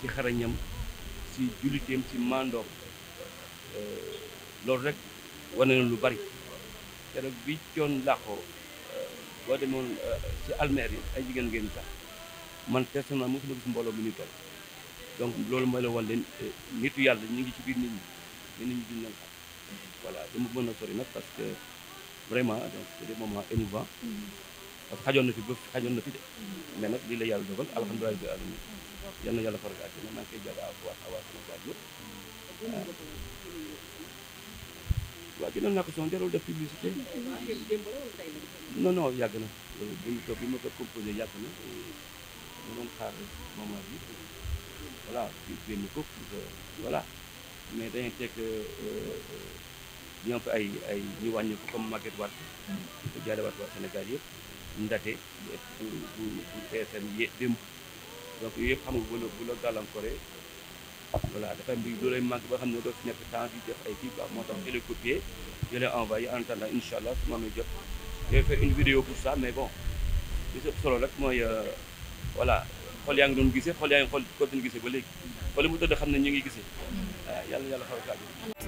ci xarañam ci julitem ci mandoom loolu rek wone lu bari keroog bi cion laxo bo demon ci almeer yi ay jigen ngeen sax man mu ko gis mbolo mi ni tok donc loolu mooy la wan leen nitu yalla ñi ngi ci bir nit ñi mais nit ñi duñ leen voilà dama mën sori nak parce que vraiment donc c'est des moments émouvants mm-hmm. parce que xajon na fi bëf xajon na fi dé mais nak lii la yalla dogal alhamdoulillah bi alamin yal na yàlla faral di àddina maa ngi koy waa waa yëpp waaw gënoon naa ko jarul def publicité non yàgg na bi ma ko bi yàgg na ma doon xaar moment bi voilà di génn ko voilà mais dañuy fekk ñoo fi ay ay ñu wàññi ko comme Maguette Wade di ko Sénégal yëpp ndate bu bu bu TFM yé démb donc yooyu yëpp xam nga bu la bu la gàllankooree voilà dafa am lu lay manqué ba xam ne doo fi nekk temps bi def ay kii quoi moo tax je l'ai copié je l'ai envoyé en attendant incha allah su ma amee jot je vais faire une pour ça mais bon li sëpp solo rek mooy euh, voilà xool yaa ngi doon gisee xool yaa ngi xool continué gisee ba léegi xool mu tëdd xam ne ñu ngi gise waaw mm. ah, yàlla yàlla xaw a